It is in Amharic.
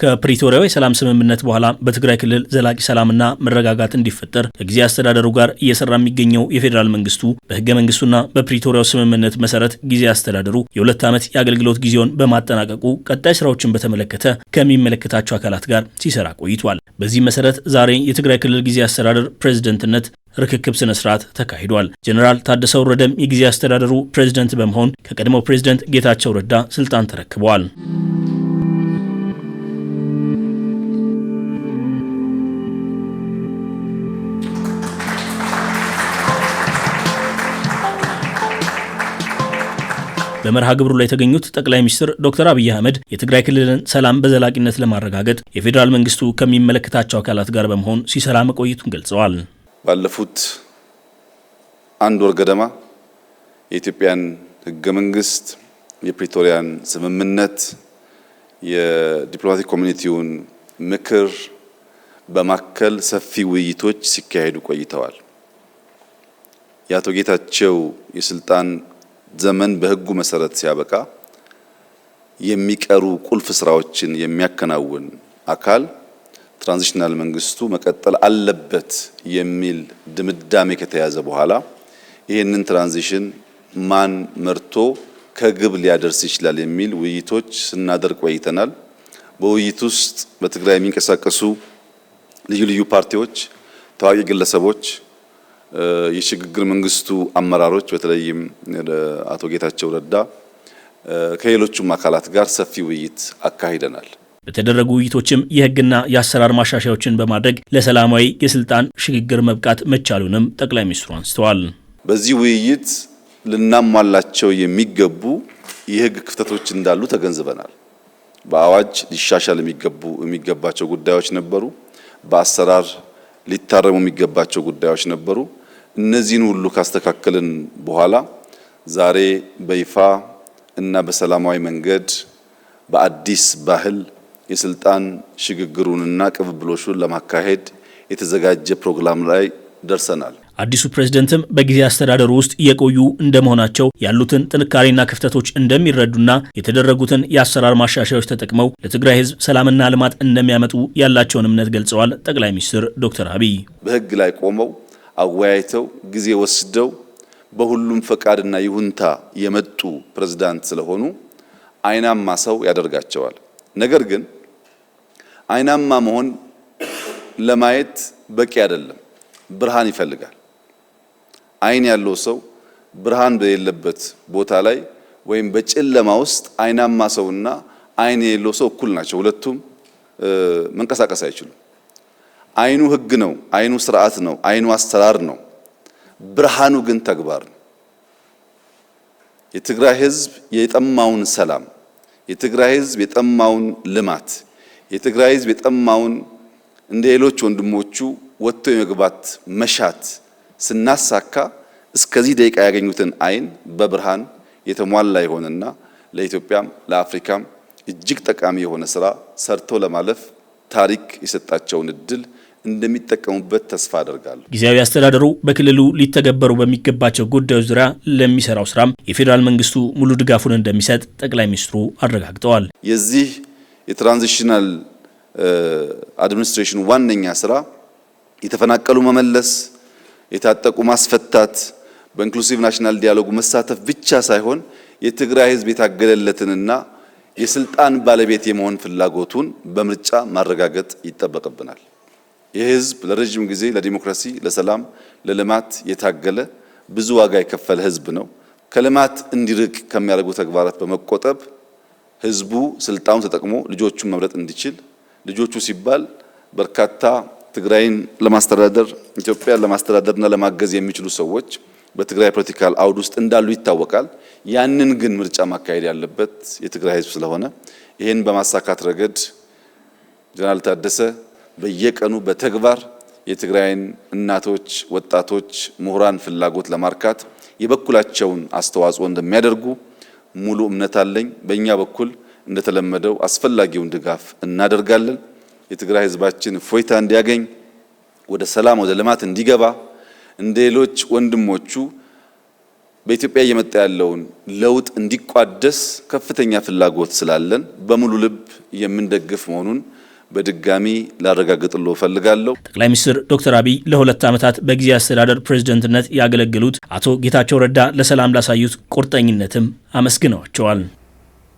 ከፕሪቶሪያው የሰላም ስምምነት በኋላ በትግራይ ክልል ዘላቂ ሰላምና መረጋጋት እንዲፈጠር ከጊዜ አስተዳደሩ ጋር እየሰራ የሚገኘው የፌዴራል መንግስቱ በህገ መንግስቱና በፕሪቶሪያው ስምምነት መሰረት ጊዜ አስተዳደሩ የሁለት ዓመት የአገልግሎት ጊዜውን በማጠናቀቁ ቀጣይ ስራዎችን በተመለከተ ከሚመለከታቸው አካላት ጋር ሲሰራ ቆይቷል። በዚህ መሰረት ዛሬ የትግራይ ክልል ጊዜ አስተዳደር ፕሬዝደንትነት ርክክብ ስነ ስርዓት ተካሂዷል። ጀኔራል ታደሰ ወረደም የጊዜ አስተዳደሩ ፕሬዝደንት በመሆን ከቀድሞው ፕሬዝደንት ጌታቸው ረዳ ስልጣን ተረክበዋል። በመርሃ ግብሩ ላይ የተገኙት ጠቅላይ ሚኒስትር ዶክተር አብይ አህመድ የትግራይ ክልልን ሰላም በዘላቂነት ለማረጋገጥ የፌዴራል መንግስቱ ከሚመለከታቸው አካላት ጋር በመሆን ሲሰራ መቆየቱን ገልጸዋል። ባለፉት አንድ ወር ገደማ የኢትዮጵያን ህገ መንግስት፣ የፕሪቶሪያን ስምምነት፣ የዲፕሎማቲክ ኮሚኒቲውን ምክር በማከል ሰፊ ውይይቶች ሲካሄዱ ቆይተዋል። የአቶ ጌታቸው የስልጣን ዘመን በህጉ መሰረት ሲያበቃ የሚቀሩ ቁልፍ ስራዎችን የሚያከናውን አካል ትራንዚሽናል መንግስቱ መቀጠል አለበት የሚል ድምዳሜ ከተያዘ በኋላ ይህንን ትራንዚሽን ማን መርቶ ከግብ ሊያደርስ ይችላል የሚል ውይይቶች ስናደርግ ቆይተናል። በውይይት ውስጥ በትግራይ የሚንቀሳቀሱ ልዩ ልዩ ፓርቲዎች፣ ታዋቂ ግለሰቦች የሽግግር መንግስቱ አመራሮች በተለይም አቶ ጌታቸው ረዳ ከሌሎቹም አካላት ጋር ሰፊ ውይይት አካሂደናል። በተደረጉ ውይይቶችም የህግና የአሰራር ማሻሻያዎችን በማድረግ ለሰላማዊ የስልጣን ሽግግር መብቃት መቻሉንም ጠቅላይ ሚኒስትሩ አንስተዋል። በዚህ ውይይት ልናሟላቸው የሚገቡ የህግ ክፍተቶች እንዳሉ ተገንዝበናል። በአዋጅ ሊሻሻል የሚገቡ የሚገባቸው ጉዳዮች ነበሩ። በአሰራር ሊታረሙ የሚገባቸው ጉዳዮች ነበሩ። እነዚህን ሁሉ ካስተካከልን በኋላ ዛሬ በይፋ እና በሰላማዊ መንገድ በአዲስ ባህል የስልጣን ሽግግሩንና ቅብብሎሹን ለማካሄድ የተዘጋጀ ፕሮግራም ላይ ደርሰናል። አዲሱ ፕሬዝደንትም በጊዜ አስተዳደሩ ውስጥ የቆዩ እንደመሆናቸው ያሉትን ጥንካሬና ክፍተቶች እንደሚረዱና የተደረጉትን የአሰራር ማሻሻዮች ተጠቅመው ለትግራይ ሕዝብ ሰላምና ልማት እንደሚያመጡ ያላቸውን እምነት ገልጸዋል። ጠቅላይ ሚኒስትር ዶክተር አብይ በህግ ላይ ቆመው አወያይተው ጊዜ ወስደው በሁሉም ፈቃድና ይሁንታ የመጡ ፕሬዝዳንት ስለሆኑ አይናማ ሰው ያደርጋቸዋል። ነገር ግን አይናማ መሆን ለማየት በቂ አይደለም፣ ብርሃን ይፈልጋል። አይን ያለው ሰው ብርሃን በሌለበት ቦታ ላይ ወይም በጨለማ ውስጥ አይናማ ሰውና አይን የሌለው ሰው እኩል ናቸው። ሁለቱም መንቀሳቀስ አይችሉም። አይኑ ህግ ነው፣ አይኑ ስርዓት ነው፣ አይኑ አሰራር ነው። ብርሃኑ ግን ተግባር ነው። የትግራይ ህዝብ የጠማውን ሰላም፣ የትግራይ ህዝብ የጠማውን ልማት፣ የትግራይ ህዝብ የጠማውን እንደ ሌሎች ወንድሞቹ ወጥቶ የመግባት መሻት ስናሳካ እስከዚህ ደቂቃ ያገኙትን አይን በብርሃን የተሟላ የሆነና ለኢትዮጵያም ለአፍሪካም እጅግ ጠቃሚ የሆነ ስራ ሰርቶ ለማለፍ ታሪክ የሰጣቸውን እድል እንደሚጠቀሙበት ተስፋ አደርጋለሁ። ጊዜያዊ አስተዳደሩ በክልሉ ሊተገበሩ በሚገባቸው ጉዳዮች ዙሪያ ለሚሰራው ስራም የፌዴራል መንግስቱ ሙሉ ድጋፉን እንደሚሰጥ ጠቅላይ ሚኒስትሩ አረጋግጠዋል። የዚህ የትራንዚሽናል አድሚኒስትሬሽን ዋነኛ ስራ የተፈናቀሉ መመለስ፣ የታጠቁ ማስፈታት፣ በኢንክሉሲቭ ናሽናል ዲያሎግ መሳተፍ ብቻ ሳይሆን የትግራይ ህዝብ የታገለለትንና የስልጣን ባለቤት የመሆን ፍላጎቱን በምርጫ ማረጋገጥ ይጠበቅብናል። ይህ ህዝብ ለረጅም ጊዜ ለዲሞክራሲ፣ ለሰላም፣ ለልማት የታገለ ብዙ ዋጋ የከፈለ ህዝብ ነው። ከልማት እንዲርቅ ከሚያደርጉ ተግባራት በመቆጠብ ህዝቡ ስልጣኑን ተጠቅሞ ልጆቹን መምረጥ እንዲችል ልጆቹ ሲባል በርካታ ትግራይን ለማስተዳደር ኢትዮጵያን ለማስተዳደርና ለማገዝ የሚችሉ ሰዎች በትግራይ ፖለቲካል አውድ ውስጥ እንዳሉ ይታወቃል። ያንን ግን ምርጫ ማካሄድ ያለበት የትግራይ ህዝብ ስለሆነ ይህን በማሳካት ረገድ ጀነራል ታደሰ በየቀኑ በተግባር የትግራይን እናቶች፣ ወጣቶች፣ ምሁራን ፍላጎት ለማርካት የበኩላቸውን አስተዋጽኦ እንደሚያደርጉ ሙሉ እምነት አለኝ። በእኛ በኩል እንደተለመደው አስፈላጊውን ድጋፍ እናደርጋለን። የትግራይ ህዝባችን እፎይታ እንዲያገኝ ወደ ሰላም ወደ ልማት እንዲገባ እንደ ሌሎች ወንድሞቹ በኢትዮጵያ እየመጣ ያለውን ለውጥ እንዲቋደስ ከፍተኛ ፍላጎት ስላለን በሙሉ ልብ የምንደግፍ መሆኑን በድጋሚ ላረጋግጥሎ ፈልጋለሁ። ጠቅላይ ሚኒስትር ዶክተር አብይ ለሁለት ዓመታት በጊዜ አስተዳደር ፕሬዝደንትነት ያገለገሉት አቶ ጌታቸው ረዳ ለሰላም ላሳዩት ቁርጠኝነትም አመስግነዋቸዋል።